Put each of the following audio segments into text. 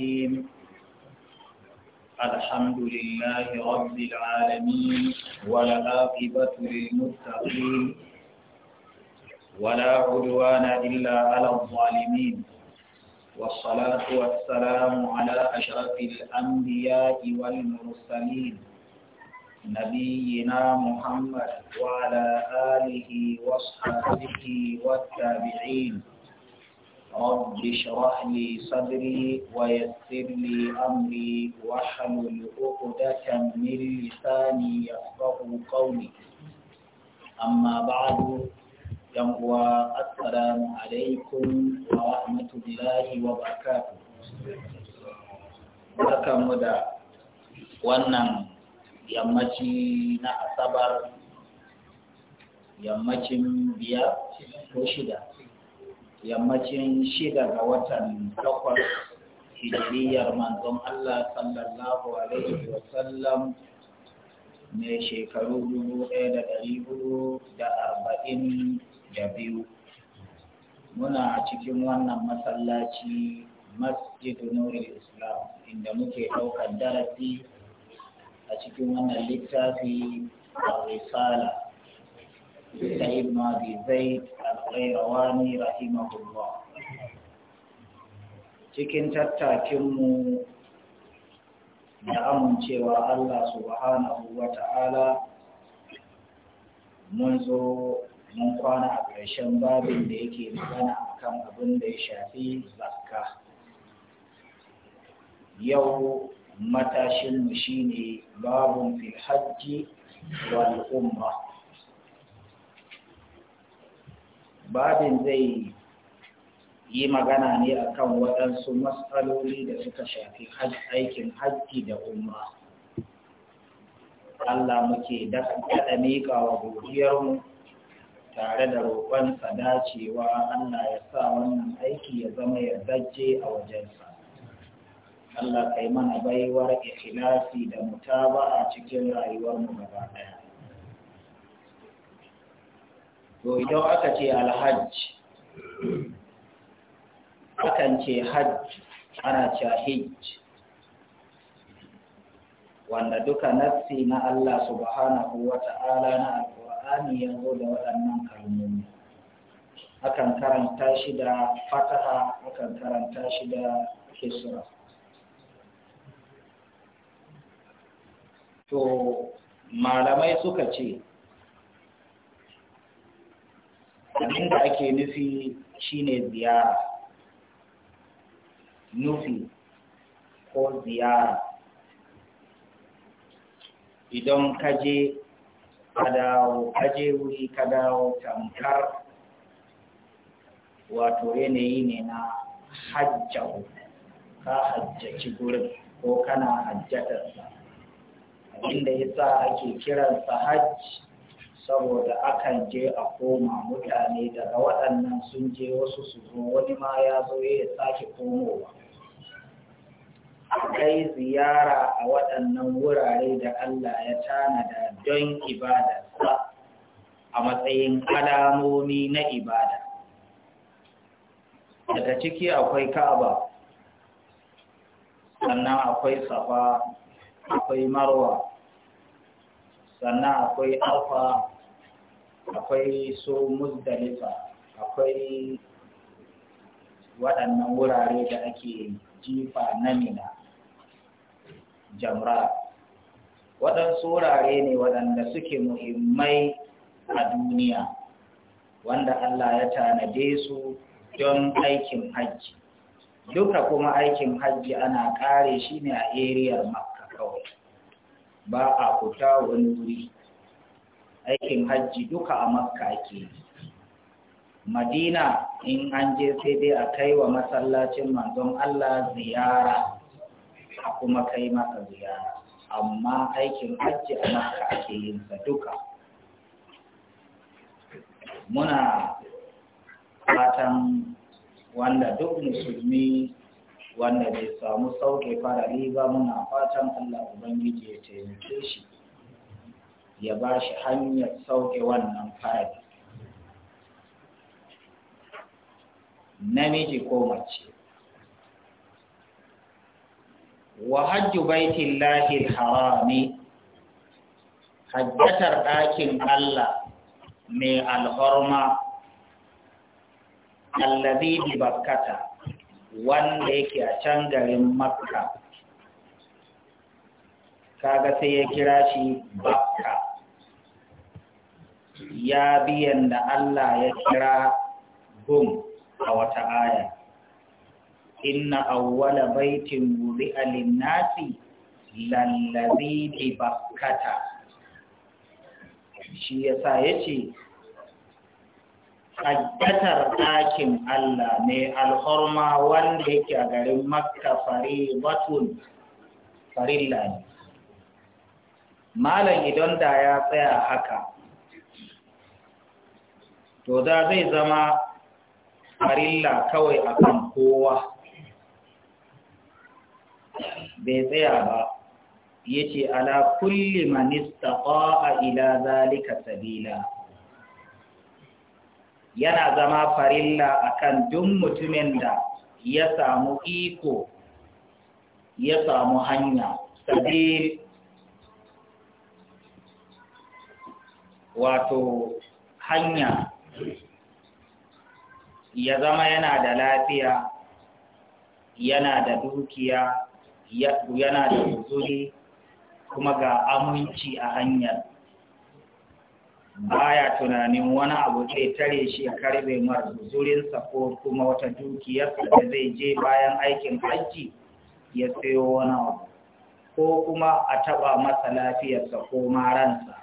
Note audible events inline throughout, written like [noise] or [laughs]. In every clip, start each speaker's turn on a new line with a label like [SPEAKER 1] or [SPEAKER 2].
[SPEAKER 1] الرحيم الحمد لله رب العالمين والعاقبة للمتقين ولا عدوان إلا على الظالمين والصلاة والسلام على أشرف الأنبياء والمرسلين نبينا محمد وعلى آله وصحبه والتابعين رب اشرح لي صدري ويسر لي أمري واحلل عقدة من لساني قولي بعد السلام عليكم ورحمة الله وبركاته da wannan yammaci na asabar yammacin biyar ko shida yammacin shida ga watan takwas hijiriyar manzon Allah sallallahu Alaihi wasallam mai shekaru dubu ɗaya da ɗari hudu da arba'in da biyu. Muna cikin wannan masallaci masjidu nuri Islam inda muke ɗaukar darasi a cikin wannan littafi a risala. سعيد بن زيد رحمه الله cikin tattakinmu da amincewa Allah subhanahu wa ta'ala mun zo mun kwana a ƙarshen babin da yake magana kan abin da ya shafi zakka yau matashinmu shine ne babin filhajji wal umma babin zai yi magana ne akan waɗansu matsaloli da suka shafi aikin hajji da umra Allah muke daɗa miƙa wa godiyarmu tare da roƙonsa dacewa Allah ya sa wannan aiki ya zama yardajje a wajensa. Allah kai mana baiwar ikilasi da mutaba a cikin rayuwarmu gaba ɗaya. to idan aka ce alhajj akan ce hajj ana ce hajj wanda duka nassi na Allah subhanahu wa ta'ala na alƙur'ani ya zo da waɗannan kalmomi akan karanta shi da fataha akan karanta shi da kisra to malamai suka ce da ake nufi shine ziyara nufi ko ziyara idan kaje kadawo kaje wuri ka tamkar wato yanayi ne na hajjau ka hajjaci gurin ko kana hajjatarsa abinda sa ake kiransa hajji saboda akan je a koma mutane daga waɗannan sun je wasu su zo wani ma ya zo ya sake komowa akwai ziyara a waɗannan wurare da Allah ya tanada don ibadarsa a matsayin alamomi na ibada daga ciki akwai ka'aba sannan akwai safa akwai marwa sannan akwai alfa akwai so muzdalifa akwai waɗannan wurare da ake jifa na mina jamra waɗansu wurare ne waɗanda suke muhimmai a duniya wanda Allah ya tanade su don aikin hajji duka kuma aikin hajji ana kare shi ne a eriyar makka kawai ba a fita wani wuri aikin hajji duka a makka ake madina in an je sai dai a kai wa masallacin manzon allah ziyara a kuma kai maka ziyara amma aikin hajji a makka ake yin sa duka muna fatan wanda duk musulmi wanda bai samu sauke farari ba muna fatan Allah Ubangiji ya taimake shi ya ba shi hanyar sauke wannan farari namiji ko mace wa hajju baitillahi harami hajjatar ɗakin Allah mai alhorma allazi bi bakkata wanda yake a can garin makka kaga sai ya kira shi bakka ya biyan da Allah ya kira gum a wata aya inna awwala baitin wuri a nasi lallazi bi bakkata shi yasa yace hajjatar ɗakin Allah ne alhorma wanda yake a garin Makka batun farilla ne. Malam idan da ya tsaya haka, to da zai zama farilla kawai a kan kowa. Bai tsaya ba, ya Ala kulli manista ƙa'a ila zalika sabila. yana zama farilla akan duk mutumin da ya samu iko ya samu hanya sabil wato hanya ya zama yana da lafiya yana da dukiya yana da huzuri, kuma ga aminci a hanyar baya tunanin wani abu zai tare shi ya karbe mar zurinsa ko kuma wata dukiyarsa da zai je bayan aikin hajji ya sayo wani abu ko kuma a taɓa masa lafiyarsa ko maransa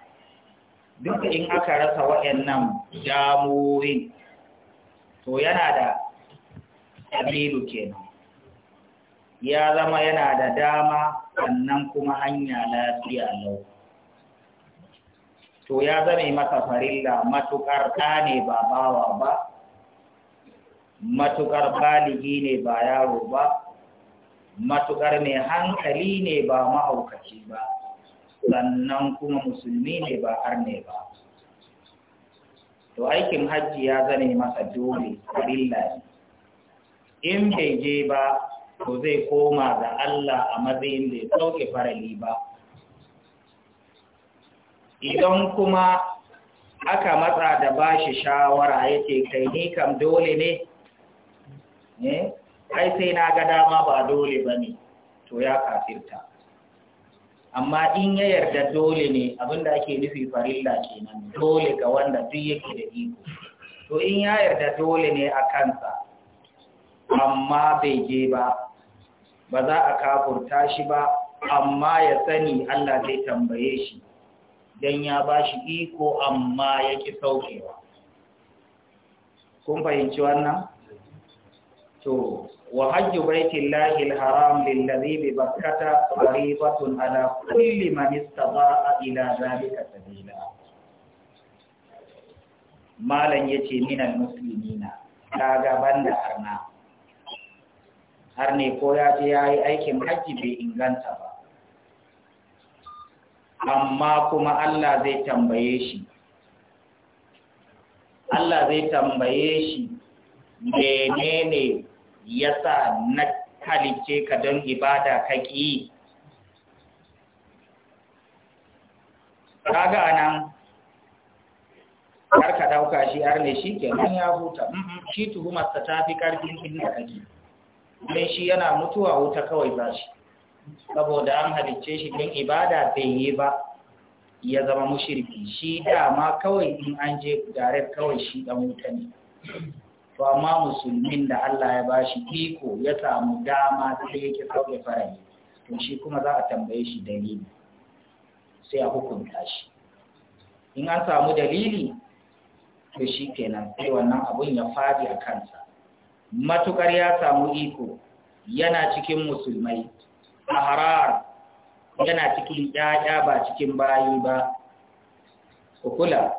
[SPEAKER 1] duk in aka rasa waɗannan damuwoyin to yana da ƙabilu kenan ya zama yana da dama sannan kuma hanya lafiya lau to ya zame masa farilla matukar ɗa ne ba bawa ba matukar baligi ne ba yaro ba matukar mai hankali ne ba mahaukaci ba sannan kuma musulmi ne ba har ne ba to aikin hajji ya zane masa dole farilla ne in bai je ba to zai koma ga Allah a matsayin da ya sauke farali ba idan kuma aka matsa da bashi shawara ya yake kai ni kam dole ne ne eh, ai sai na ga dama ba dole ba ne to ya kafirta amma in ya yarda dole ne abinda ake nufi farilla kenan dole ga wanda duk yake da iko to in ya yarda dole ne a kansa amma bai je ba ba za a kafurta shi ba amma ya sani Allah zai tambaye shi don ya ba shi iko amma ya ƙi saukewa kun fahimci wannan? to wa hajju baitin lahil haram lillazi bi bakkata qaribatun ala kulli man istata'a ila zalika sabila malan yace minal muslimina ga banda arna har ne ko ya je ya yi aikin hajji bai inganta ba amma kuma Allah zai tambaye shi Allah zai tambaye shi menene yasa na halice ka don ibada kaki kaga nan. har ka dauka shi har ne shi ke ya huta shi tuhumarsa ta fi karfin inda kake don shi yana mutuwa wuta kawai ba shi saboda an halicce shi don ibada bai yi ba ya zama mushirki shi dama kawai in an je gare kawai shi dan wuta ne to amma musulmin da Allah ya bashi iko ya samu dama sai yake sauke farali to shi kuma za a tambaye shi dalili sai a hukunta shi in an samu dalili to shi kenan sai wannan abun ya fadi a kansa matukar ya samu iko yana cikin musulmai ahrar yana cikin ƴaƴa ba cikin bayi ba kula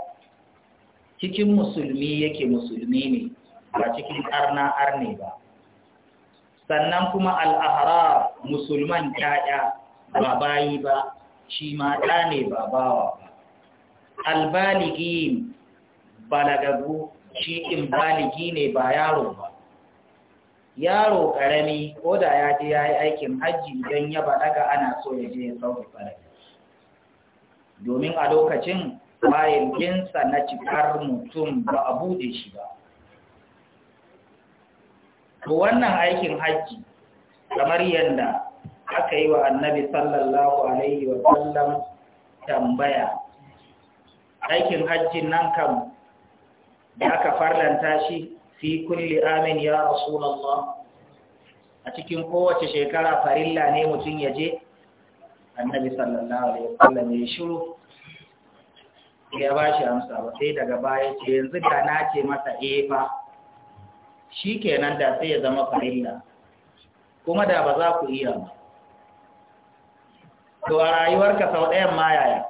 [SPEAKER 1] cikin musulmi yake musulmi ne ba cikin arna arne ba sannan kuma al musulman ƴaƴa ba bayi ba shi ma ɗa ne ba bawa albaligin balagagu shi in baligi ne ba yaro ba yaro ƙarami ko da ya je ya yi aikin hajji idan ya balaga ana so ya je ya sauke farali domin a lokacin bayan jinsa na cikar mutum ba a bude shi ba to wannan aikin hajji kamar yadda aka yi wa annabi sallallahu alaihi wa sallam tambaya aikin hajji nan kam da aka farlanta shi fi kulli amin ya rasulullah a cikin kowace shekara farilla ne mutum ya je annabi sallallahu alaihi wasallam ya shiru ya ba shi amsa ba sai daga baya ce yanzu da na ce masa eh fa shikenan da sai ya zama farilla kuma da ba za ku iya ba to a rayuwarka sau ɗayan ma yaya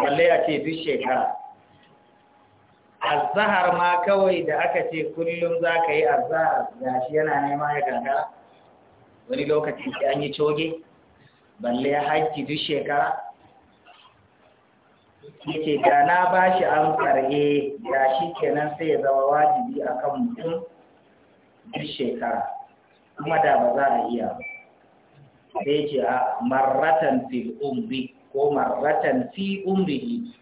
[SPEAKER 1] balle a ce duk shekara azahar ma kawai da aka ce kullum za ka yi azahar ga shi yana nema ya gangara wani lokaci sai an yi coge balle ya haiki duk shekara yake da ba shi an karye eh, ga shi kenan sai ya zama wajibi a kan mutum duk shekara kuma da ba za a iya sai ce a ah, marratan fil umri ko marratan fi umrihi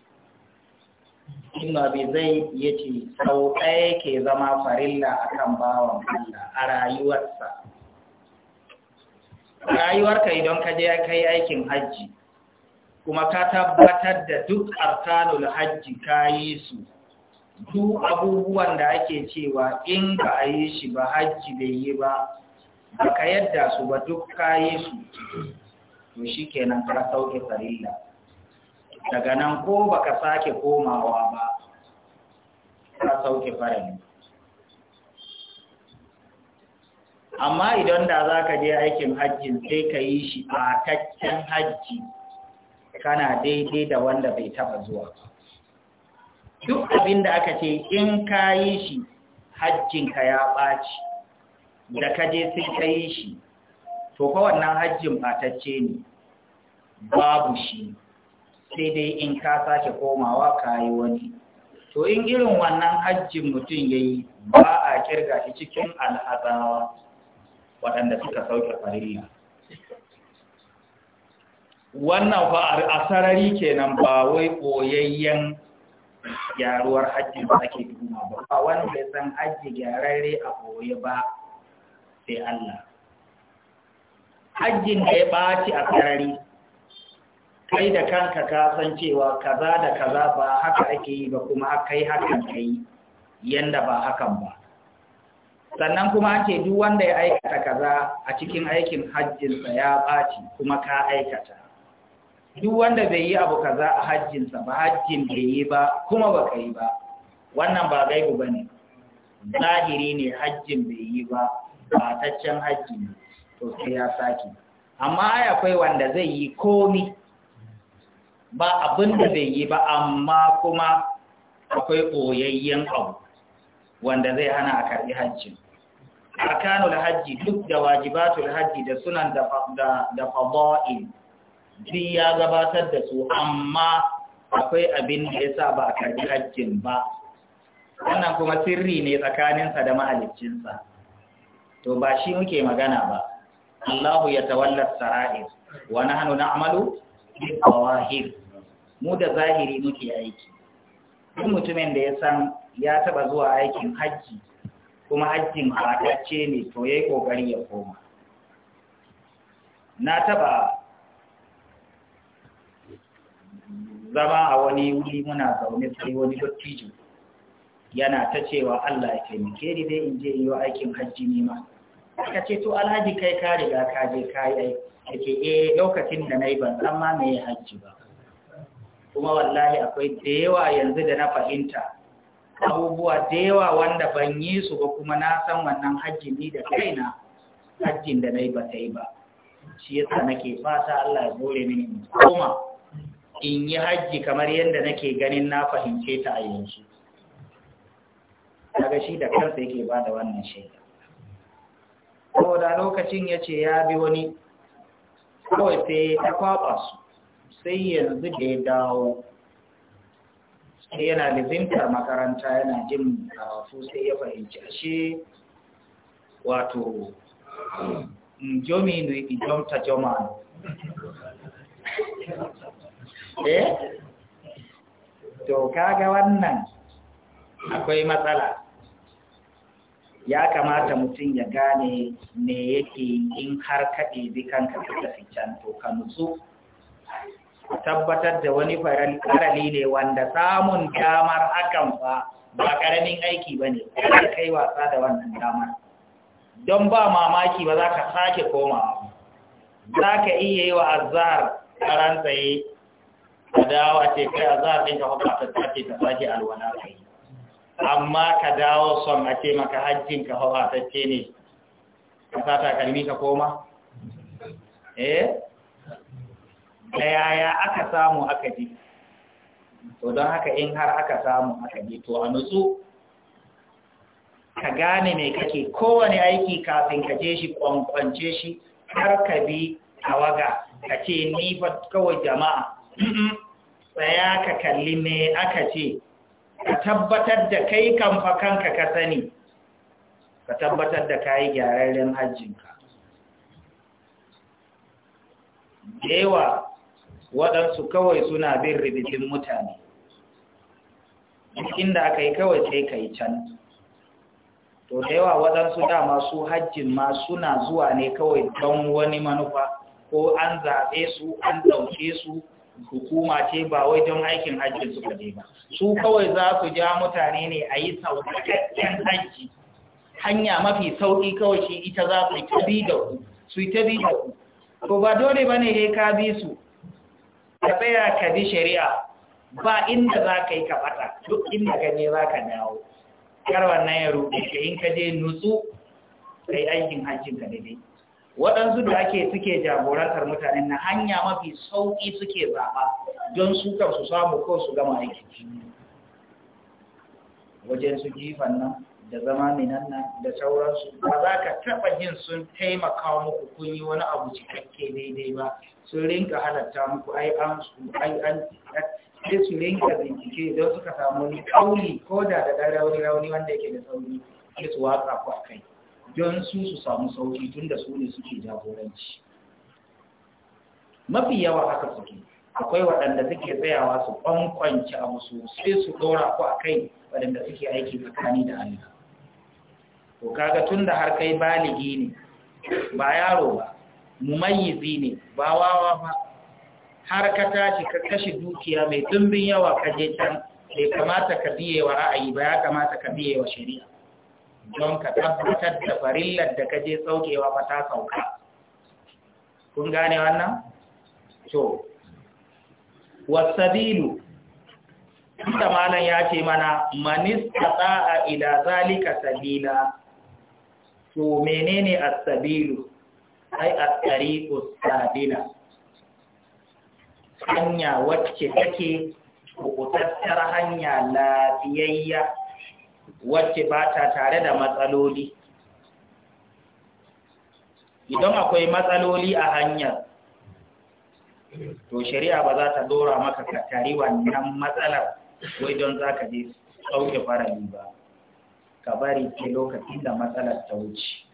[SPEAKER 1] ibn bi zai yace sau ɗaya ke zama farilla akan bawan Allah a rayuwarsa rayuwarka idan ka je kai aikin hajji kuma ka tabbatar da duk arkanul hajji ka yi su duk abubuwan da ake cewa in ba a yi shi ba hajji bai yi ba ba ka yadda su ba duk ka yi su to shi kenan ka sauke farilla daga nan ko baka sake komawa ba ka sauke farin amma idan da za ka je aikin hajjin sai ka yi shi a taccen hajji kana daidai da wanda bai taɓa zuwa duk abin da aka ce in ka yi shi hajjinka ya ɓaci da ka je sai ka yi shi to kawannan hajjin ɓatacce ne babu shi sai dai in ka sake komawa ka yi wani to in irin wannan hajjin mutum ya yi ba a kirga shi cikin al'adawa waɗanda suka sauke farilla wannan ba a sarari kenan ba wai ɓoyayyen gyaruwar hajji ba ake duma ba ba wani bai san hajji gyararre a ɓoye ba sai Allah hajjin da ya ɓaci a sarari kai da kanka ka san cewa kaza da kaza ba haka ake yi ba kuma kai hakan kai yanda ba hakan ba sannan kuma ake duk wanda ya aikata kaza a cikin aikin hajjinsa ya ɓaci kuma ka aikata duk wanda bai yi abu kaza a hajjinsa ba hajjin bai yi ba kuma ba kai ba wannan ba gaibu ba ne zahiri ne hajjin bai yi ba ba taccen hajji ne to sai ya sake amma akwai wanda zai yi komi ba abin da zai yi ba amma kuma akwai koyayyen abu wanda zai hana a karbi hajji da hajji duk da Wajibatu wajibatul hajji da sunan da da zai ya gabatar da su amma akwai abin da ya sa ba a karbi hajjin ba wannan kuma sirri ne tsakaninsa da mahaliccinsa to ba shi muke magana ba Allahu ya tawallar sara'ir wa nahnu na'malu bil qawahir mu da zahiri muke aiki duk mutumin da ya san ya taba zuwa aikin hajji kuma hajjin haɗacce ne to yayi kokari ya koma na taba zama a wani wuri muna zaune sai wani dattijo yana ta cewa Allah ya taimake ni dai in je yi aikin hajji ne ma ka ce to alhaji kai ka riga ka je ka yi aiki eh lokacin da na yi ban amma mai me hajji ba kuma wallahi akwai da yanzu da na fahimta abubuwa da yawa wanda ban yi su ba kuma na san wannan hajji ni da kaina hajjin da na yi ba ta yi ba shi yasa nake fata Allah ya gore mini Kuma in yi hajji kamar yadda nake ganin na fahimce ta a yanzu daga shi da kansa yake ba da wannan shaida Ko da lokacin yace ya bi wani kawai sai ta kwaba su sai yanzu da ya dawo sai yana lizintar makaranta yana jin karatu sai ya fahimci ashe wato jomi ne ijomta joma [laughs] eh to kaga wannan akwai matsala ya kamata mutum ya gane ne yake in har kaɗe bi kanka ka tafi can to ka nutsu tabbatar da wani farali ne wanda samun damar hakan ba ba karamin aiki ba ne kai kai wasa da wannan damar don ba mamaki ba za ka sake komawa za ka iya yi wa azhar karan tsaye ka dawo a kai azhar ɗin ka hukata ta ta sake alwala kai amma ka dawo son a ce maka hajjin ka hukata ce ne ka sa takalmi ka koma eh da yaya aka samu aka ji to don haka in har aka samu aka ji to a nutsu ka gane mai kake kowane aiki kafin ka je shi kwankwance shi har ka bi tawaga ka ce ni fa kawai jama'a tsaya ka kalli me aka ce ka tabbatar da kai kamfa kanka ka sani ka tabbatar da kayi gyararren hajjinka dewa waɗansu kawai suna bin ribicin mutane inda aka yi kawai sai ka yi can to da yawa waɗansu dama su hajjin ma suna zuwa ne kawai don wani manufa ko an zaɓe su an ɗauke su hukuma ce ba wai don aikin hajjin suka je ba su kawai za su ja mutane ne a yi sauƙaƙƙen hajji hanya mafi sauƙi kawai shi ita za su yi ta bi da ku su yi ta bi da ku to ba dole ba ne dai ka bi su ka tsaya ka bi shari'a ba inda za ka yi ka fata duk inda ka ne za ka dawo kar na ya ruɗe ka in ka je nutsu ka yi aikin hajjin ka daidai waɗansu da ake suke jagorantar mutane na hanya mafi sauƙi suke zaɓa don su kan su samu ko su gama aiki wajen su jifan nan da zama minan nan da sauransu ba za ka taɓa jin sun taimaka muku kun yi wani abu cikakke daidai ba sun rinka halatta muku ai an su ai an sai su rinka bincike don suka samu wani kauli ko da da ɗan rauni rauni wanda yake da sauri ke su watsa ku a kai don su su samu sauki tun da su ne suke jagoranci mafi yawa haka suke akwai waɗanda suke tsayawa su kwankwanci a musu sai su ɗora ku a kai waɗanda suke aiki tsakani da Allah to kaga tun da har kai baligi ne ba yaro ba mumayyizi ne ba wawa ba har ka tashi ka kashe dukiya mai dumbin yawa ka je can bai kamata ka biye wa ra'ayi ba ya kamata ka biye wa shari'a don ka tabbatar da farillar da ka je saukewa ba ta sauka kun gane wannan to wasabilu inda malam ya ce mana manistata a ila zalika sabila to menene as-sabilu ai a tsari sadina hanya wacce take kukutattar hanya lafiyayya wacce ba ta tare da matsaloli idan akwai matsaloli a hanyar to shari'a ba za ta dora maka ka tari wannan matsalar wai don za ka je sauke farali ba ka bari ke lokacin da matsalar ta wuce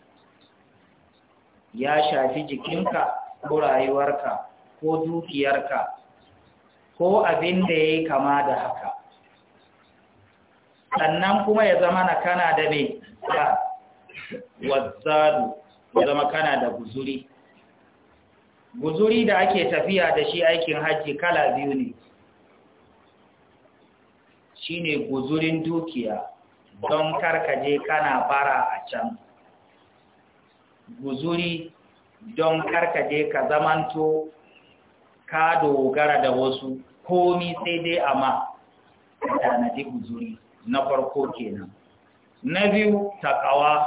[SPEAKER 1] ya shafi jikinka ko rayuwarka ko dukiyarka ko abin da ya kama da haka sannan kuma ya zama na kana da ne ba ya zama kana da guzuri guzuri da ake tafiya da shi aikin hajji kala biyu ne shine guzurin dukiya don karkaje kana fara a can guzuri don karkaje ka zamanto ka dogara da wasu komi sai dai amma ka tanadi guzuri na farko kenan na biyu takawa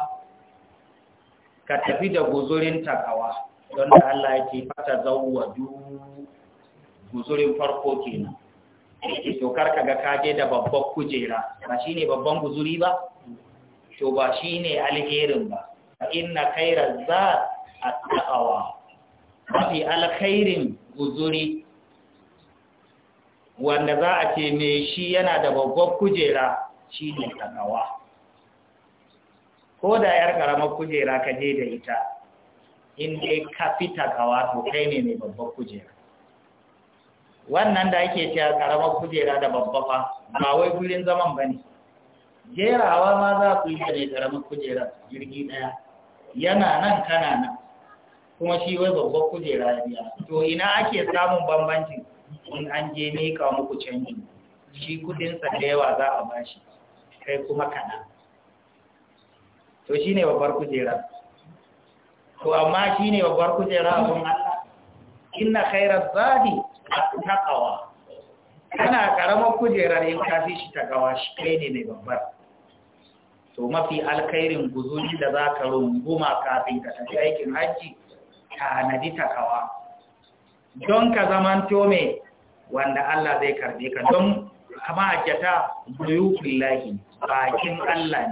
[SPEAKER 1] ka tafi da guzurin takawa don da Allah ya ce fata zauwa du guzurin farko kenan to ka ga kaje da babban kujera ba shine babban guzuri ba to ba shine alherin ba inna khairaz zat at-taqwa mafi alkhairin guzuri wanda za a ce mai shi yana da babbar kujera shi ne takawa ko da yar karamar kujera ka je da ita in dai ka fi takawa to kai ne mai babbar kujera wannan da ake cewa karamar kujera da babba fa ba wai gurin zaman ba ne jerawa ma za ku yi da ne karamar kujera jirgi ɗaya yana nan kana nan kuma shi wai babban kujera biya to ina ake samun bambancin in an je ka muku canji shi kudinsa da yawa za a bashi kai kuma kana to shi ne babbar kujera to amma shi ne babbar kujera abin Allah inna khairar zadi taqwa kana karamar kujerar in ka fi shi gawa shi kai ne mai babbar to mafi alkhairin guzuri da za ka runguma kafin ka tafi aikin hajji ta takawa don ka zamanto tome wanda Allah zai karbe ka don ajiyata buyu fillahi bakin Allah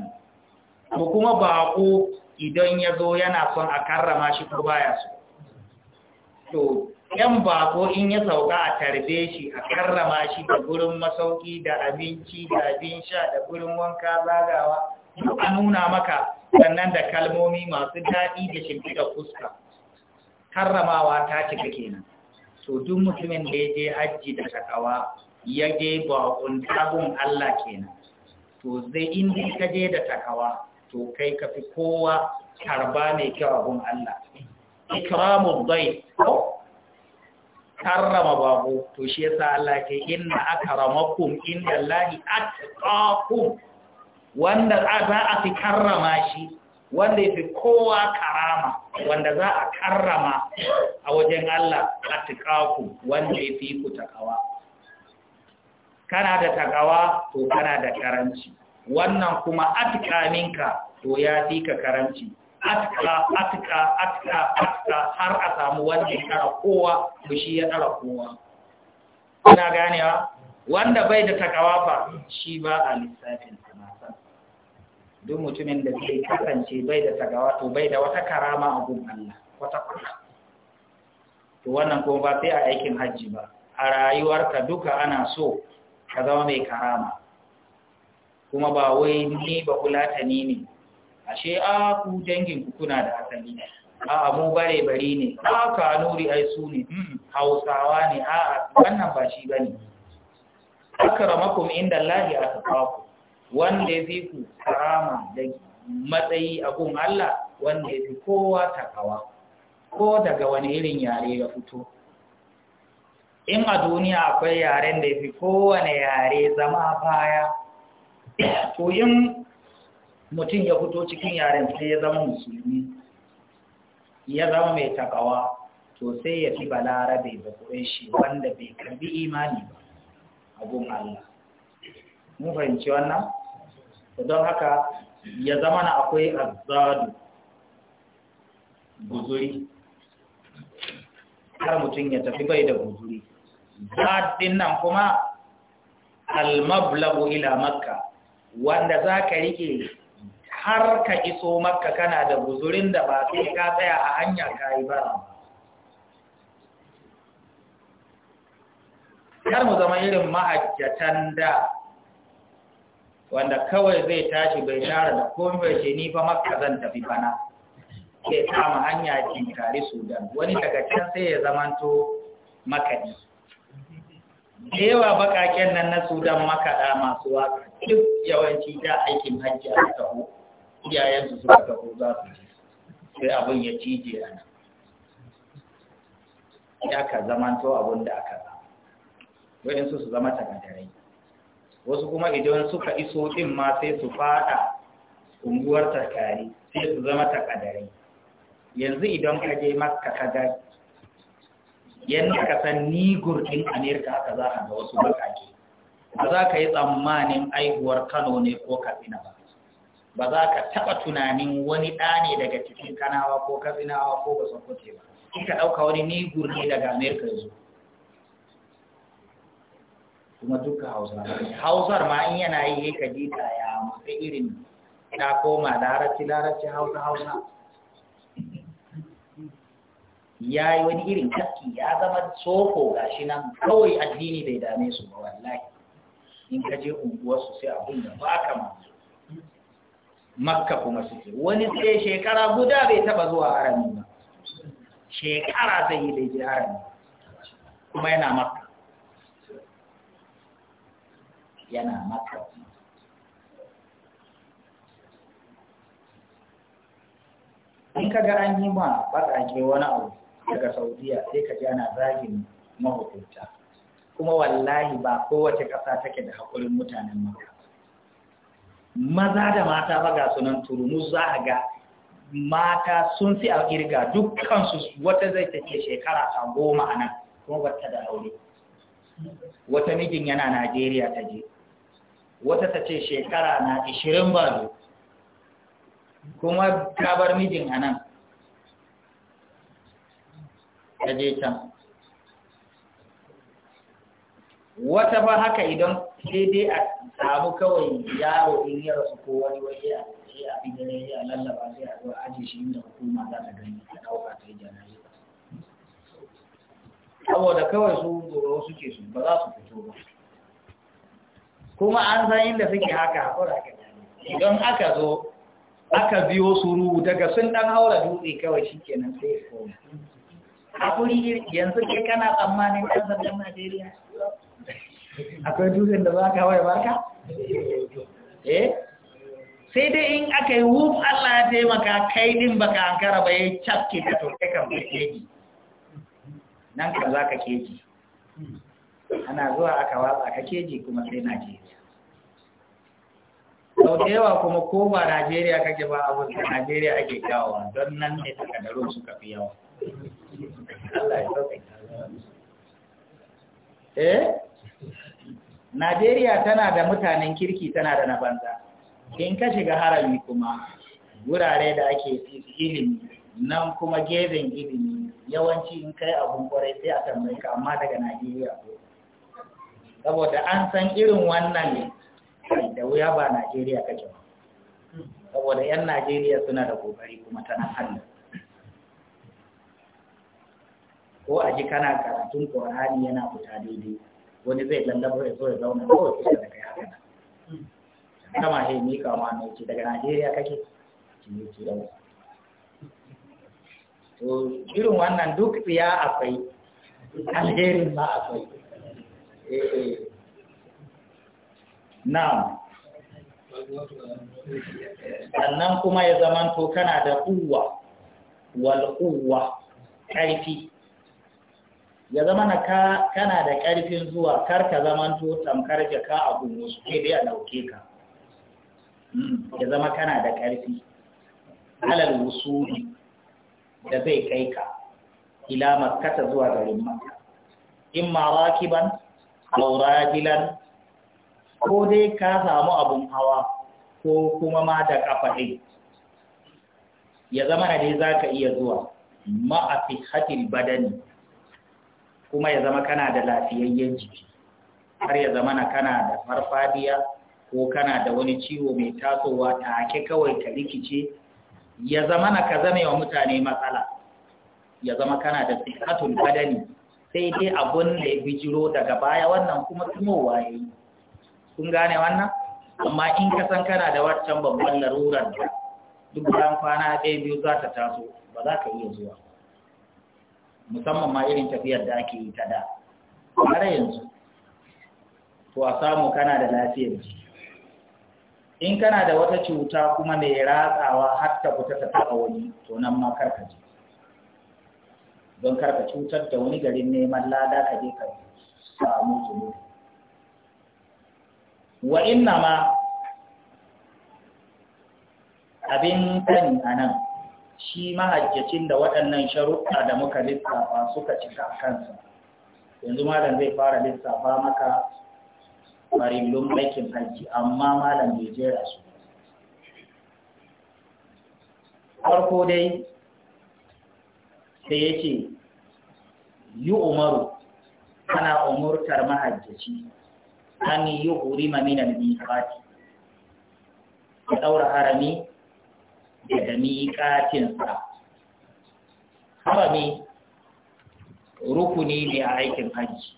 [SPEAKER 1] ne ko kuma bako idan ya zo yana son a karrama shi ko baya so to yan bako in ya sauka a tarbe shi a karrama shi da gurin masauki da abinci da abin sha da gurin wanka zagawa duk a nuna maka sannan da kalmomi masu daɗi da shimfiɗa fuska karramawa ta cika kenan to duk mutumin da ya je hajji da takawa ya je baƙon ƙuntagun Allah kenan to zai inda ka je da takawa to kai ka fi kowa karba mai kyau abin Allah ikramu bai karrama babu to shi yasa Allah ke inna akramakum inda Allah atqakum wanda za a fi karrama shi wanda ya fi kowa karama wanda za a karrama a wajen Allah a tukaku wanda ya fi ku takawa kana da takawa to kana da karanci wannan kuma atika minka to ya fi ka karanci atka atka atka atka har a samu wanda ya tsara kowa to shi ya tsara kowa kuna ganewa wanda bai da takawa ba shi ba a lissafin duk mutumin da zai kasance bai da tagawa to bai da wata karama a gun Allah wata kwata to wannan kuma ba sai a aikin hajji ba a rayuwarka duka ana so ka zama mai karama kuma ba wai ni ba ni ne ashe a ku dangin ku kuna da asali ne a mu bare bari ne a kanuri ai su ne hmm, hausawa ne a wannan ba shi bane akramakum inda Allah ya tsaka wanda ya fi ku karama da matsayi a gun Allah wanda ya fi kowa takawa ko daga wani irin yare ya fito in a duniya akwai yaren da ya fi kowane yare zama baya to yin mutum ya fito cikin yaren sai ya zama musulmi ya zama mai takawa to sai ya fi balarabe da shi wanda bai karbi imani ba a abun Allah mun fahimci wannan don haka ya zama na akwai azadu guzuri har mutum ya tafi bai da guzuri zaɗin nan kuma almablagu ila makka wanda za ka rike har ka iso makka kana da guzurin da ba sai ka tsaya a hanya ka yi ba har mu zama irin ma'ajjatan da wanda kawai zai tashi bai tara da komai ce ni fa makka zan tafi bana ke kama hanya tare sudan wani daga can sai ya zamanto makaɗi yawa bakaken nan na sudan makaɗa masu waka duk yawanci da aikin hajji a taho iyayensu suka taho za su ji sai abin ya cije a nan ya ka zamanto abin da aka zama wayansu su zama takadarai wasu kuma idan suka iso ɗin ma sai su faɗa. unguwar takari sai su zama takadari yanzu idan ka je maka ka ga yanda ka san nigur din amerika aka za a ga wasu bakake ba za ka yi tsammanin aihuwar kano ne ko katsina ba ba za ka taɓa tunanin wani ɗa ne daga cikin kanawa ko katsinawa ko ba sokoce ba ka ɗauka wani nigur ne daga amerika yanzu kuma duka hausa hausar ma in yana yi ka ji ta ya mafi irin ta koma larabci larabci hausa hausa ya yi wani irin kaski ya zama tsoho ga shi nan kawai addini bai dame su ba wallahi in ka je unguwarsu sai abin da ba ka masu makka kuma suke wani sai shekara guda bai taba zuwa arami ba shekara zai yi da je arami kuma yana makka yana maka in ka ga an yi ma ake wani abu daga saudiya sai ka ji ana zagin mahukunta kuma wallahi ba kowace ƙasa take da haƙurin mutanen maka maza da mata ba ga sunan turmus za a ga mata sun fi a girga dukkansu wata zai take shekara a goma a nan kuma ta da aure wata mijin yana najeriya ta je wata ta ce shekara na ishirin ba kuma ta bar mijin a nan ta je can wata ba haka idan daidai a samu kawai yaro in yi rasu ko wani waje a ce a bidare ya lallaba sai a zuwa aji shi inda hukuma za ta gani a ɗauka ta yi janayi saboda kawai su tsoro suke su ba za su fito ba kuma an san inda suke haka haƙura ka idan aka zo aka biyo suru daga sun dan haura dutse kawai shi nan sai koma haƙuri yanzu kai kana tsammanin ɗan da najeriya akwai dutsen da za ka hawa barka? Eh? sai dai in aka yi wuf Allah ya taimaka kai din baka hankara ba ya cafke ta toke kan keji nan ka za ka keji ana zuwa aka watsa ka keji kuma sai na je sau da yawa kuma ko ba najeriya kake ba abin da najeriya ake kawo don nan ne takadarun suka fi yawa eh Najeriya tana da mutanen kirki tana da na banza in ka shiga harami kuma wurare da ake ilimi nan kuma gefen ilimi yawanci in kai abun kwarai sai a tambayi ka amma daga Najeriya saboda an san irin wannan da wuya ba Najeriya kake ba saboda 'yan Najeriya suna da kokari kuma tana hannu ko a ji kana karatun Qur'ani yana fita daidai wani zai lallabo ya so ya zauna ko ya da kai haka kama he ni kama ne ce daga Najeriya kake ki ne ki da to irin wannan duk tsiya akwai alherin ma akwai eh, eh. na'am sannan kuma ya to kana da kuwa wal kuwa ƙarfi ya zama na ka kana da ƙarfin zuwa kar ka zamanto tamkar jaka a gungun su ke biya ɗauke ka hmm, ya zama kana da ƙarfi alal wusuli da zai kai ka ila makkata zuwa garin makka imma rakiban aw rajilan ko dai ka samu abun hawa ko kuma ma da kafa ɗin ya zama na dai za ka iya zuwa ma'afi hatil badani kuma ya zama kana da lafiyayyen jiki har ya zama na kana da farfadiya ko kana da wani ciwo mai tasowa ta take kawai ka rikice ya zama na ka zama wa mutane matsala ya zama kana da sihatul badani sai dai abun da ya bijiro daga baya wannan kuma tumowa ya yi kun gane wannan amma in ka san kana da waccan babban larurar duk bayan kwana ɗaya biyu za ta taso ba za ka iya zuwa musamman ma irin tafiyar da ake yi ta da har yanzu to a samu kana da lafiyar jiki in kana da wata cuta kuma mai ratsawa har ta fita ta taɓa wani to nan ma karka ji don karka cutar da wani garin neman lada ka je ka samu zunubi wa inna ma abin kan anan shi mahajjacin da waɗannan sharuɗa da muka lissafa suka cika a kansa yanzu malam zai fara lissafa maka farilun aikin hajji amma malam bai jera su farko dai sai ya ce yi umaru ana umurtar mahajjaci an yuhrima min al-miqati ya daura harami daga miƙatin sa harami rukuni ne a aikin hajji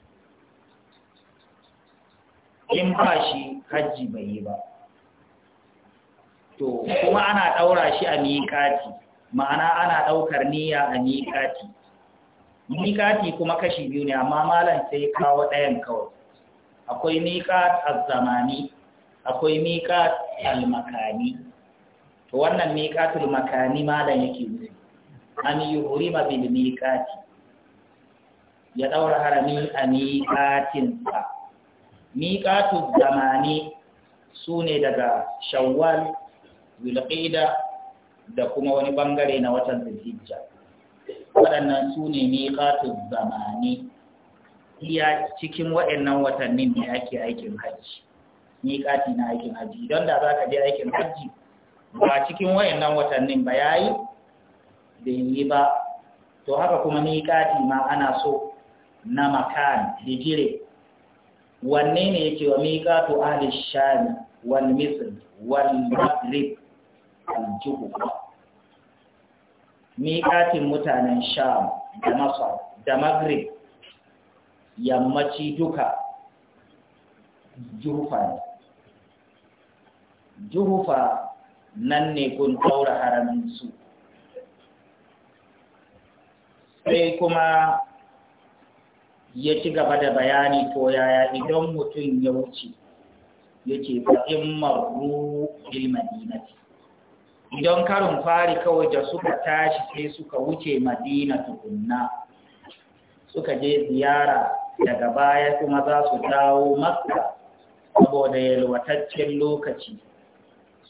[SPEAKER 1] in ba shi hajji bai yi ba to kuma ana ɗaura shi a miƙati ma'ana ana ɗaukar niyya a miƙati kati kuma kashi biyu ne amma malam sai kawo ɗayan kawai akwai miƙat azamani, zamani akwai miƙat al to wannan miƙatul makani malam yake nufi an yi yuhrima bil miƙati ya daura harami a miƙatin sa miƙatul zamani sune daga shawwal zulqa'da da kuma wani bangare na watan zulhijja waɗannan sune miƙatul zamani iya cikin waɗannan watannin ne ake aikin hajji ni kati na aikin hajji idan da za ka je aikin hajji ba cikin waɗannan watannin ba ya yi bai yi ba to haka kuma ni kati ma ana so na makan digire wanne ne yake wa miƙatu ahli shami wal misr wal maghrib al juhfa miƙatin mutanen sham da masar da maghrib yammaci duka juhufa ne juhufa nan ne kun daura haramin sai kuma ya ci gaba da bayani to yaya idan mutum ya wuce yake fa'in maru ilmadinati idan karin fari kawai da suka tashi sai suka wuce madina tukunna suka je ziyara daga baya kuma za su dawo makka saboda yalwataccen lokaci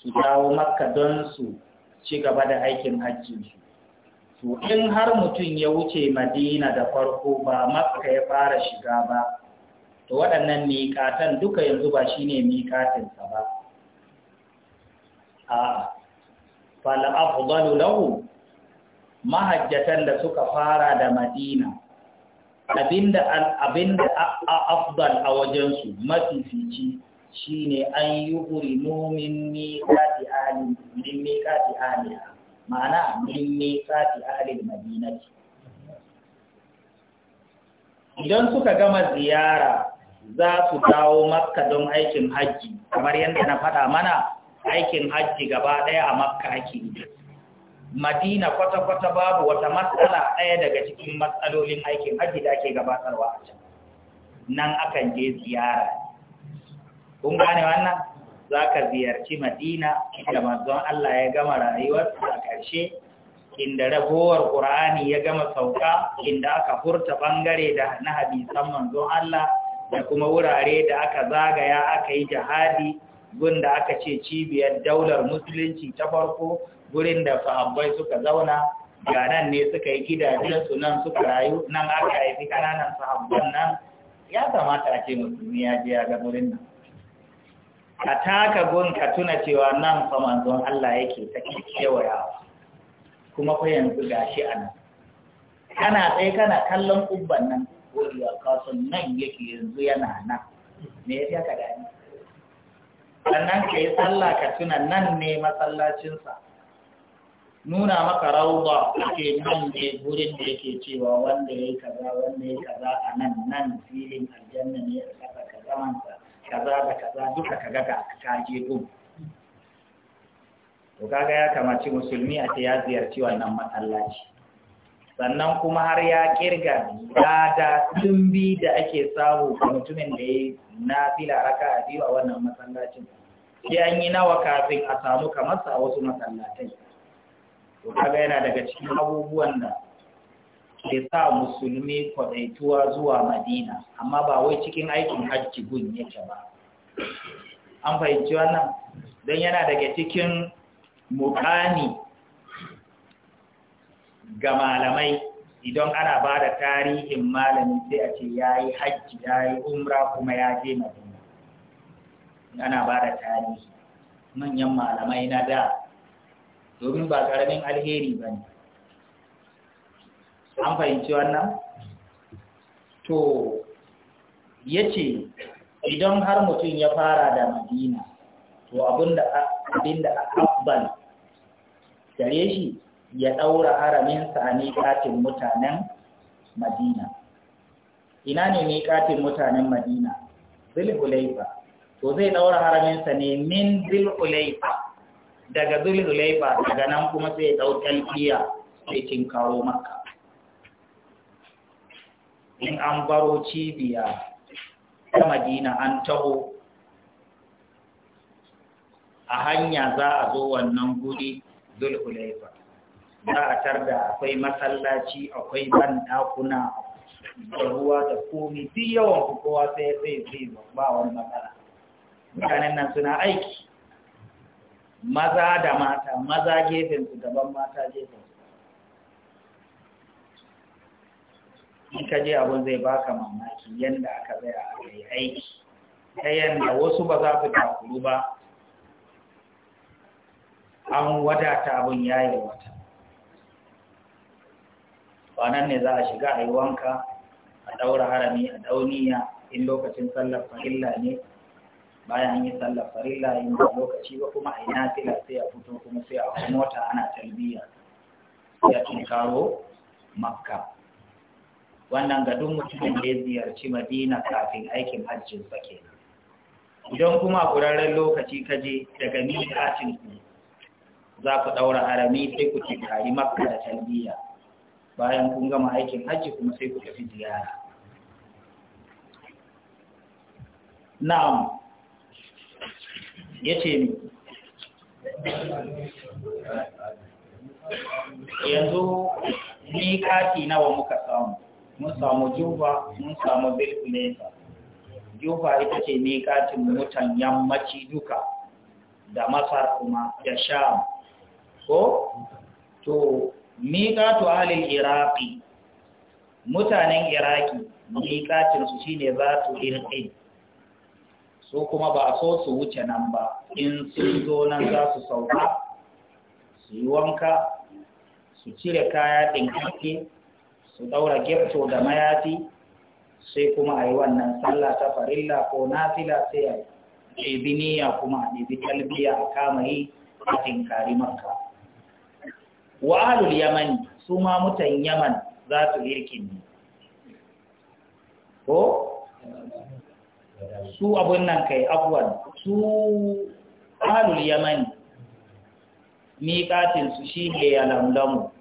[SPEAKER 1] su dawo makka don su ci gaba da aikin hajji to in har mutum ya wuce madina da farko ba makka ya fara shiga ba to waɗannan miƙatan duka yanzu ba shine miƙatinsa ba a Fal'afu lahu mahajjatan da suka fara da madina abinda abinda afdal a wajensu mafifici shine an yi hurimu min miƙati ahli min miƙati ahli ma'ana min miƙati da madinati idan suka gama ziyara za su dawo makka don aikin hajji kamar yadda na faɗa mana aikin hajji gaba ɗaya a makka ake yi madina kwata-kwata babu wata matsala ɗaya daga cikin matsalolin aikin haji da ake gabatarwa a can nan akan je ziyara kun gane wannan za ka ziyarci madina da mazan Allah ya gama rayuwar a ƙarshe inda ragowar ƙur'ani ya gama sauka inda aka furta ɓangare da na hadisan manzon Allah da kuma wurare da aka zagaya aka yi jihadi gun da aka ce cibiyar daular musulunci ta farko gurin da sahabbai suka zauna ga nan ne suka yi gidajensu nan suka rayu nan aka haifi kananan sahabban nan ya kamata a ce musulmi ya je ya ga gurin nan ka taka gun ka tuna cewa nan fa manzon Allah yake ta kewayawa kuma fa yanzu gashi a nan kana tsaye kana kallon ubban nan gorewa kasan nan yake yanzu yana nan me ya ka gani sannan ka yi sallah ka tuna nan ne masallacinsa nuna maka rauba ake nan ne gurin da yake cewa wanda ya yi kaza wanda ya yi kaza a nan nan filin aljanna ne a kasa ka zamanta kaza da kaza duka kaga ka ka ke gun to kaga ya kamaci musulmi a ya ziyarci wannan masallaci sannan kuma har ya kirga gada tumbi da ake samu ga mutumin da ya na fila raka a biyu a wannan masallacin sai an yi nawa kafin a samu kamar sa a wasu masallatai kaga yana daga cikin abubuwan da ke sa musulmi kwadaituwa zuwa madina amma ba wai cikin aikin hajji gun yake ba an fahimci wannan don yana daga cikin mukani ga malamai idan ana ba da tarihin malami sai a ce ya yi hajji ya yi umra kuma ya je madina ana ba da tarihi manyan malamai na da domin ba ƙaramin alheri ba ne an fahimci wannan to ya ce idan har mutum ya fara da madina to abinda abbal gare shi ya ɗaura haraminsa a miƙatin mutanen madina ina ne miƙatin mutanen madina zilhulaifa to zai ɗaura haraminsa ne min zilhulaifa daga zulhulaifa daga nan kuma sai dau talbiya sai kin kawo maka in an baro cibiya ta madina an taho a hanya za a zo wannan guri zulhulaifa za a tarda akwai masallaci akwai bandakuna da ruwa da komi duk yawan kowa sai sai sai ba wani matsala mutanen nan suna aiki maza da mata maza gefensu daban mata gefensu in ka je abin zai baka mamaki yadda aka zai a yi aiki ta yadda wasu ba za su takuru ba an wadata abin yayi wata kwanan ne za a shiga a yi wanka a ɗaura harami a ɗauniya in lokacin sallar fahilla ne bayan an yi sallar farilla yin ba lokaci ba kuma a yi sai a fito kuma sai a wani mota ana talbiya sai a tunkaro makka wannan ga duk mutumin da ya ziyarci madina kafin aikin hajjin sa kenan idan kuma a lokaci ka je daga miƙacin ku za ku ɗaura harami sai ku tunkari makka da talbiya bayan kun gama aikin hajji kuma sai ku tafi ziyara na'am ya ce mi yanzu ni kati nawa muka samu mun samu juba mun samu bilkulesa juba ita ce ni kati mutan yammaci duka da masar kuma ya sha ko to miƙatu halin Iraki mutanen iraki miƙatinsu shine za su irƙi su kuma ba a so su wuce nan ba in sun zo nan za su sauka su yi wanka su cire kaya ɗinkakke su ɗaura gefto da mayafi sai kuma a yi wannan sallah ta farilla ko nafila sai a ɗebi niyya kuma a ɗebi talbiya a kama yi a tinkari makka wa yamani su ma mutan yaman za su irkin ne ko su abun nan kai afwan su halul yamani miƙatinsu su shine yalamlamu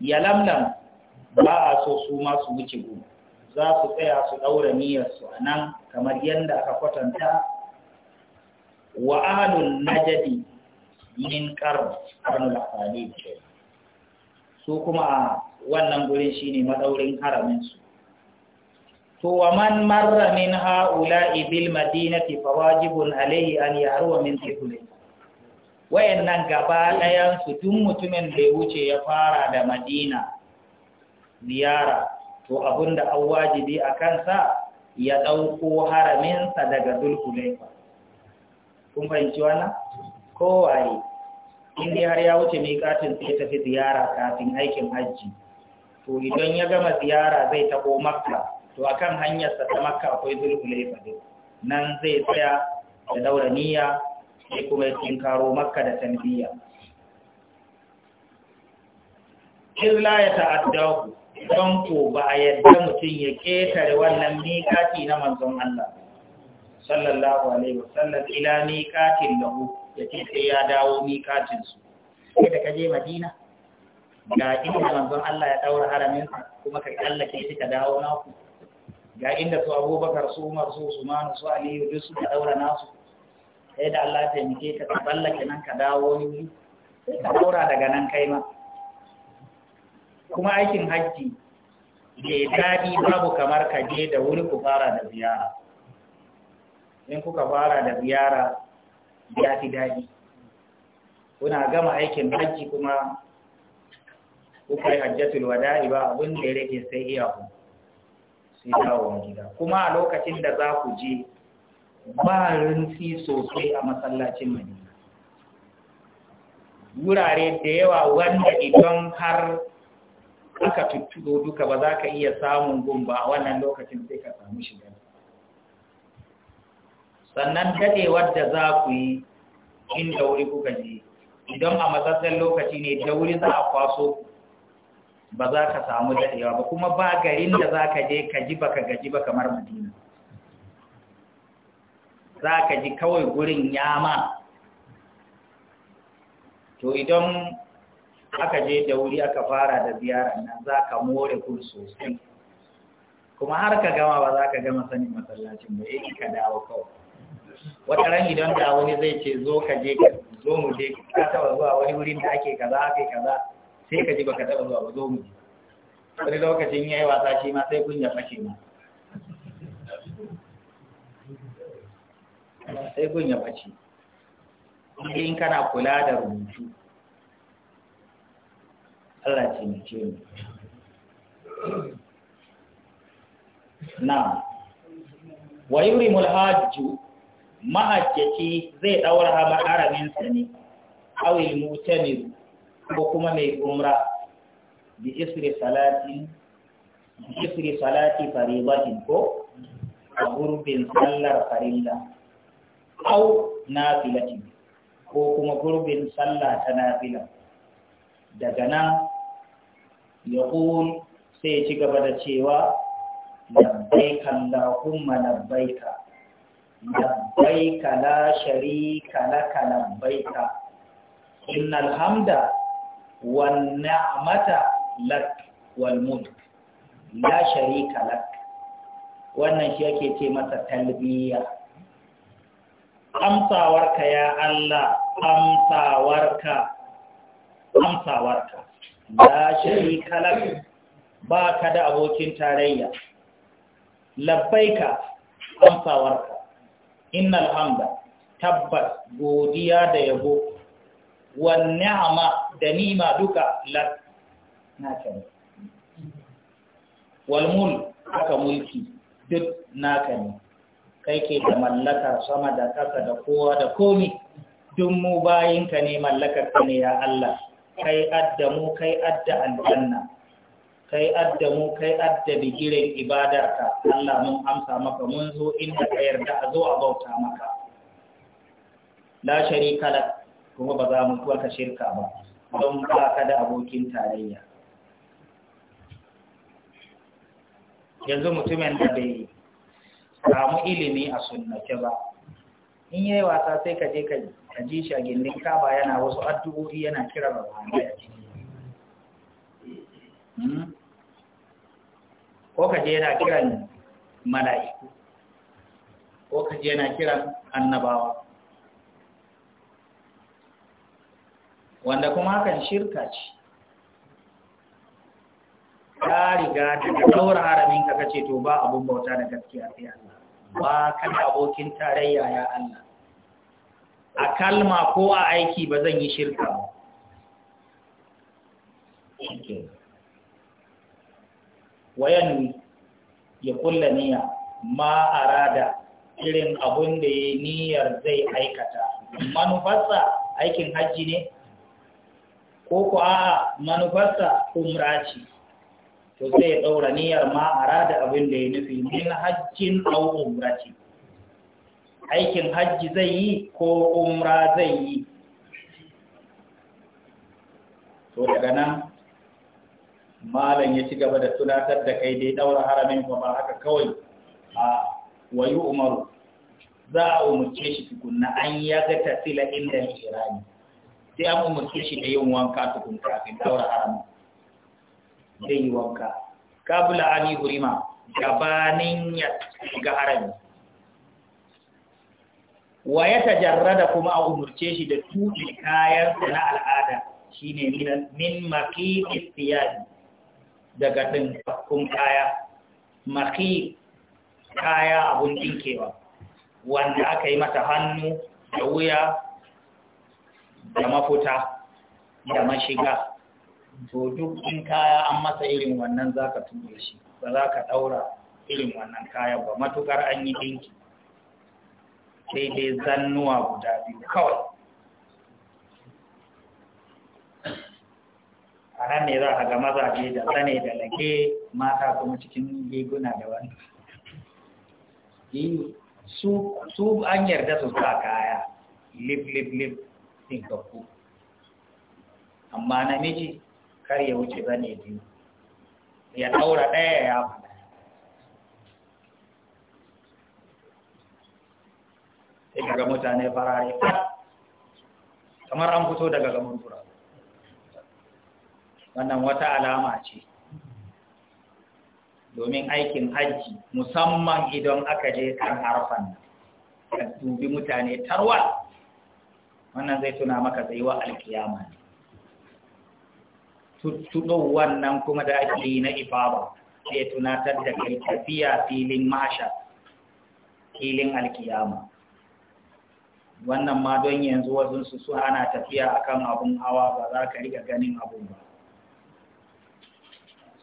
[SPEAKER 1] yalamlam ba a so su ma wuce goma za su tsaya su ɗaura miyarsu a nan kamar yadda aka kwatanta wa ahlul najadi min su kuma a wannan gurin shine madaurin haramin su to wa man marra min ha'ula'i bil madinati fawajibun alayhi an yahruwa min tibulin wayannan gaba ɗayan su duk mutumin da ya wuce ya fara da madina ziyara to abinda an wajibi a kansa ya ɗauko haraminsa daga dulkulaifa kun fahimci wannan kowaye inda har ya wuce miƙatin sai tafi ziyara kafin aikin hajji to idan ya gama ziyara zai taɓo makka to akan hanyarsa ta makka akwai zulhulaifa ne nan zai tsaya da daura niyya sai kuma ya tinkaro maka da tanbiya illa ya ta'addahu don ko ba a yadda mutum ya ketare wannan miƙati na manzon Allah sallallahu alaihi wasallam ila miƙatin lahu ya ce sai ya dawo miƙatin sai da ka je Madina ga inda manzon Allah ya daura haramin kuma ka kallake shi ka dawo naku ga inda su abubakar su umar su usman su aliyu duk suka daura nasu sai da Allah ya taimake ka ka ballake nan ka dawo ni ka daura daga nan kai ma kuma aikin hajji ke tafi babu kamar ka je da wuri ku fara da ziyara in kuka fara da ziyara ya fi daɗi kuna gama aikin hajji kuma kuka yi hajjatul wada'i ba abin da ya rage sai kuma. Sai dawon gida kuma a lokacin da za ku je ba rinsi sosai a masallacin madina wurare da yawa wanda idan har aka tuttudo duka ba za ka iya samun gumba a wannan lokacin sai ka samu shiga sannan dadewar da za ku yi inda wuri kuka je idan a matsatsen lokaci ne da wuri za a kwaso ba za ka samu daɗewa ba kuma ba garin da za ka je ka ji ba ka gaji ba kamar madina za ka ji kawai gurin yama to idan aka je da wuri aka fara da ziyara nan za ka more kun sosai kuma har ka gama ba za ka gama sanin masallacin ba yake eh, ka dawo kawai wata ran idan da wani zai ce zo ka je ka zo mu je ka taba zuwa wani wurin da ake kaza ake kaza sai ka ji baka taɓa zuwa ba zo mu ji wani lokacin ya yi wasa shi ma sai kun ya fashe ma sai kun ya Kuma in kana kula da rubutu Allah ce mai ce mu na wa yurimul hajju mahajjaci zai daura haraminsa ne awil mutane. ko kuma mai umra bi isri salati bi isri salati faribatin ko a gurbin sallar farilla au nafilatin ko kuma gurbin salla ta nafila daga nan ya sai ci gaba da cewa labbaika Allahumma labbaika labbaika la sharika laka labbaika innal hamda wannamata lak wal mulk la sharika lak wannan shi yake ce masa talbiya amsawarka ya Allah amsawarka amsawarka la sharika lak ba ka da abokin tarayya labbaika amsawarka innal hamda tabbas godiya da yabo wannama da ma duka la na can walmul aka mulki duk naka ne kai ke da mallakar sama da kasa da kowa da komi duk mu bayinka ne mallakar ka ne ya Allah kai adda mu kai adda aljanna kai adda mu kai adda bigiren ibadarka Allah mun amsa maka mun zo inda ka yarda a zo a bauta maka la sharika la kuma ba za mu kuwa ka shirka ba don ba ka da abokin tarayya yanzu mutumin da bai samu ilimi a sunnace ba in yi wasa sai ka je ka ji shi kaba yana wasu addu'o'i yana kira babanai a cikin hmm? ko ka je yana kiran mala'iku ko ka je yana kiran annabawa wanda kuma hakan shirka ce ka riga daga ɗaura haramin ka kace to ba abun bauta da gaskiya sai Allah ba ka abokin tarayya ya Allah a kalma ko a aiki ba zan yi shirka ba wayan ya kulla niyya ma arada irin abun da ya niyyar zai aikata manufarsa aikin hajji ne ko ku a manufarsa umra ce to zai ɗaura niyyar ma a rada abin da ya nufi min hajjin au umra aikin hajji zai yi ko umra zai yi to daga nan malam ya ci gaba da tunatar da kai dai daura haramin ba haka kawai a wayu umaru za a umarce shi tukunna an yaga ga tasila inda irani sai an umarce shi da yin wanka tukun kafin daura haramu da yi wanka kabula an hurima gabanin ya ga harami wa ya jarrada kuma a umarce shi da tuɗi kayansa na al'ada shine min maki istiyadi daga kun kaya maki kaya abun ɗinkewa wanda aka yi mata hannu da wuya da mafuta da mashiga to duk in kaya an masa irin wannan za ka tura shi ba za ka ɗaura irin wannan kaya. ba matukar an yi ɗinki sai dai zannuwa guda biyu kawai a nan ne za a ga mazaje da zane da lage mata kuma cikin riguna da wani su an yarda su sa kaya lip lip lip ɗiggabbu amma namiji kar ya wuce zane biyu ya ɗaura ɗaya ya faɗa sai kaga mutane farare kamar an fito daga gamun tura wannan wata alama ce domin aikin hajji musamman idan aka je kan harfan dubi mutane tarwa wannan zai tuna maka tsayuwa alkiyama ne tuttuɗo wannan kuma da ake yi na ifaba sai tunatar da kai tafiya filin masha filin alkiyama wannan ma don yanzu wasu su ana tafiya akan abun hawa ba za ka riga ganin abun ba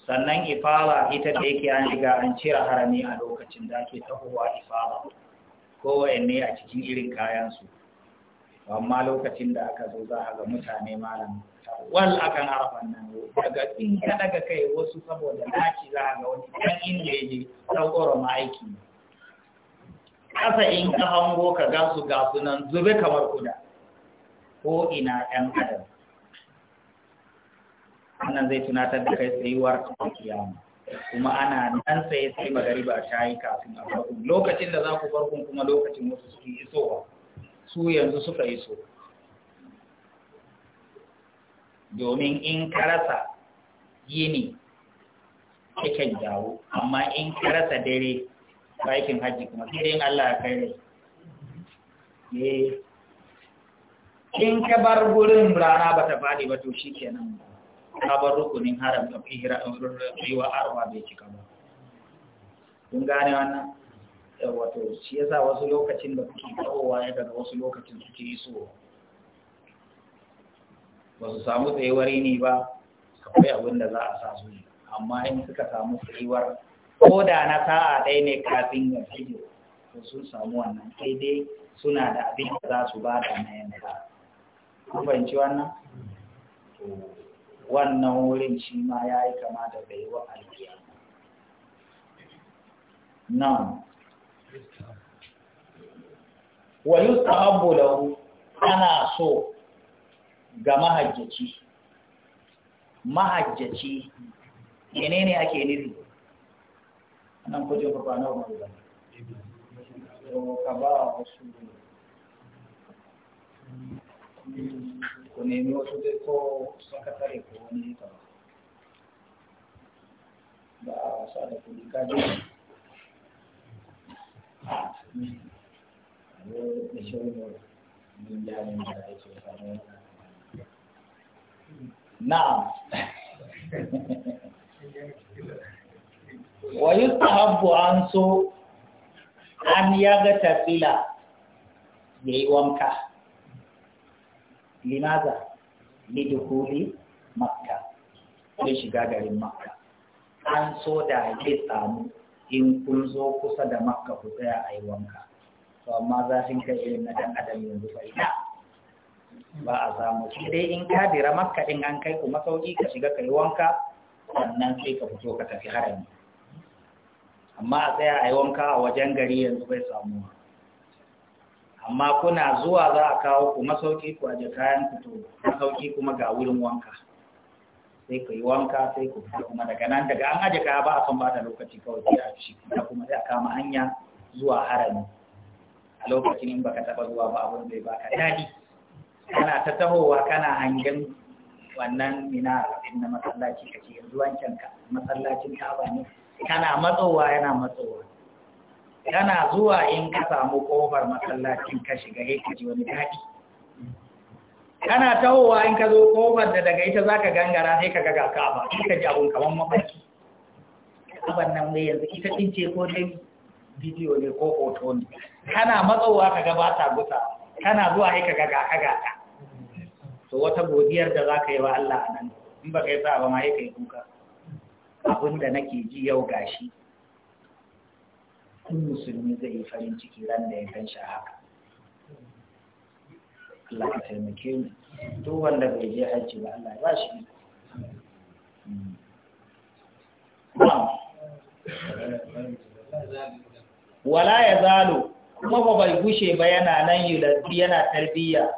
[SPEAKER 1] sannan ifaba ita da yake an riga an cire harami a lokacin da ake tahowa ifaba kowa ne a cikin irin kayansu amma lokacin da aka zo za a ga mutane malam wal akan arfan nan daga in ka daga kai wasu saboda naci za a ga wani ɗan inda ya je ɗaukoro ma'aiki ƙasa in ka hango ka ga su nan zube kamar kuda ko ina ɗan adam wannan zai tunatar da kai tsayuwar kiyama kuma ana nan sai sai magariba ta yi kafin a farkon lokacin da za ku farkon kuma lokacin wasu suke isowa su yanzu suka yi so domin in karasa yini cikin dawo amma in karasa dare bakin hajji kuma sai dai Allah ya kai ne. Eh,
[SPEAKER 2] in ka bar gurin rana ba
[SPEAKER 1] ta faɗi ba to shi kenan ka bar rukunin haram da fi hira eh, wa arwa bai cika ba kun gane wannan wato shi yasa wasu lokacin da kuke kawowa ya daga wasu lokacin suke iso ba su samu tsayuwar ne ba akwai abin da za a sa su amma in suka samu tsayuwar ko da na sa'a ɗaya ne kafin ya fito to sun samu wannan sai dai suna da abin da za su ba da na yanka kun fahimci wannan wannan wurin shi ma ya yi kama da tsayuwar alkiyama na'am wa da lahu ana so ga mahajjaci mahajjaci ne ake nufi nan kuje ba na wannan ka ba wasu ku nemi wasu dai ko saka tare ko wani ba ba a wasa da kudi kaji na'am
[SPEAKER 2] wa yustahabbu an
[SPEAKER 1] so an yaga tafila yi wanka limaza lidukhuli makka sai shiga garin makka an so da ya samu in kun zo kusa da makka ku tsaya a yi wanka to amma zafin kai irin na dan adam yanzu fa ina ba a samu shi dai in ka dira makka din an kai ku masauki ka shiga kai wanka sannan sai ka fito ka tafi harami amma a tsaya a yi wanka a wajen gari yanzu bai samu amma kuna zuwa za a kawo ku masauki ku aje kayan ku to masauki kuma ga wurin wanka sai ka yi wanka sai ku fita kuma daga nan daga an aje kaya ba a son bata lokaci kawai sai a shi kuma kuma sai a kama hanya zuwa harami a lokacin in baka taba zuwa ba abun zai baka daɗi kana ta tahowa kana hangen wannan mina din na masallaci kace yanzu wancan ka masallacin ka ba ne kana matsowa yana matsowa kana zuwa in ka samu kofar masallacin ka shiga yake ji wani daɗi kana tahowa in ka zo kofar da daga ita za ka gangara sai ka gaga ka'aba sai ka ji abun kaman mafarki abin nan mai yanzu ita ɗin ce ko dai bidiyo ne ko hoto ne kana matsowa ka ga ta gusa kana zuwa sai ka gaga ka to wata godiyar da za ka yi wa Allah nan, in baka yi sa ma sai yi kuka abin da nake ji yau gashi kun musulmi zai yi farin ciki ran da ya gan haka Allah ka taimake ni. duk wanda bai je hajji ba Allah ba shi wala ya zalo kuma ba bai gushe ba yana nan yularbi yana tarbiyya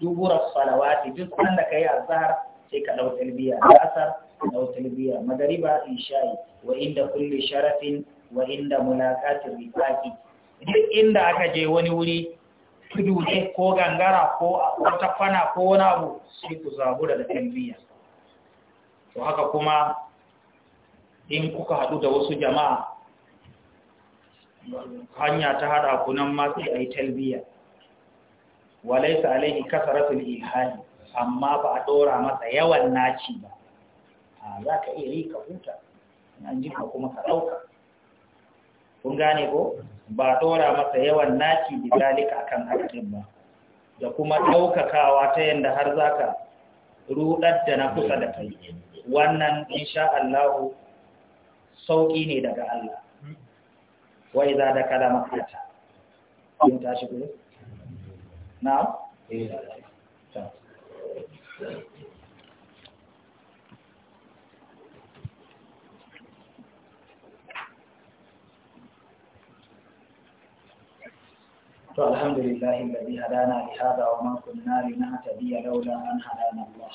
[SPEAKER 1] duburar salawati duk wanda ka yi azhar sai ka dau tarbiyya da asar ka tarbiyya magariba isha'i wa inda kulle sharafin wa inda mulaqatir rifaqi duk inda aka je wani wuri tudu ne ko gangara ko wata kwana ko wani abu sai ku zabu daga tambiya to haka kuma in kuka haɗu da wasu jama'a hanya ta hada ku nan ma sai a yi talbiya walaisa alaihi kasaratul ihali amma ba a ɗora masa yawan naci ba za ka iya yi ka huta na an kuma ka ɗauka kun gane ko ba dora masa yawan naki da zalika akan haƙƙin ba da kuma ɗaukakawa ta yadda har zaka ka rudar da na kusa da kai wannan insha Allah sauƙi ne daga Allah wai za da kada makata kun tashi na? فالحمد لله الذي هدانا لهذا وما كنا لنهتدي لولا أن هدانا الله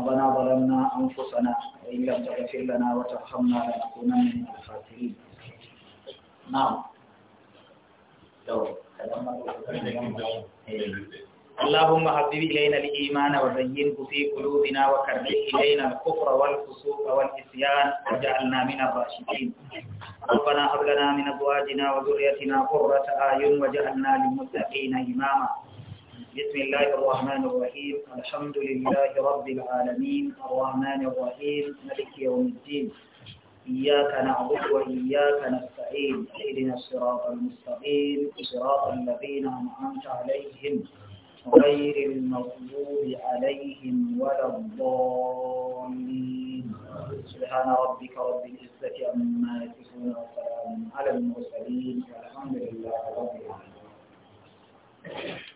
[SPEAKER 1] ربنا ظلمنا أنفسنا وإن لم تغفر لنا وترحمنا لنكونن من الخاسرين نعم اللهم حبب إلينا الإيمان وزينه في قلوبنا وكره إلينا الكفر والفسوق والعصيان وجعلنا من الراشدين ربنا هب لنا من أزواجنا وذريتنا قرة أعين وجعلنا للمتقين إماما بسم الله الرحمن الرحيم الحمد لله رب العالمين الرحمن الرحيم ملك يوم الدين إياك نعبد وإياك نستعين اهدنا الصراط المستقيم صراط الذين أنعمت عليهم غير المغضوب عليهم ولا الضالين سبحان ربك رب العزة عما يصفون وسلام على المرسلين والحمد لله رب العالمين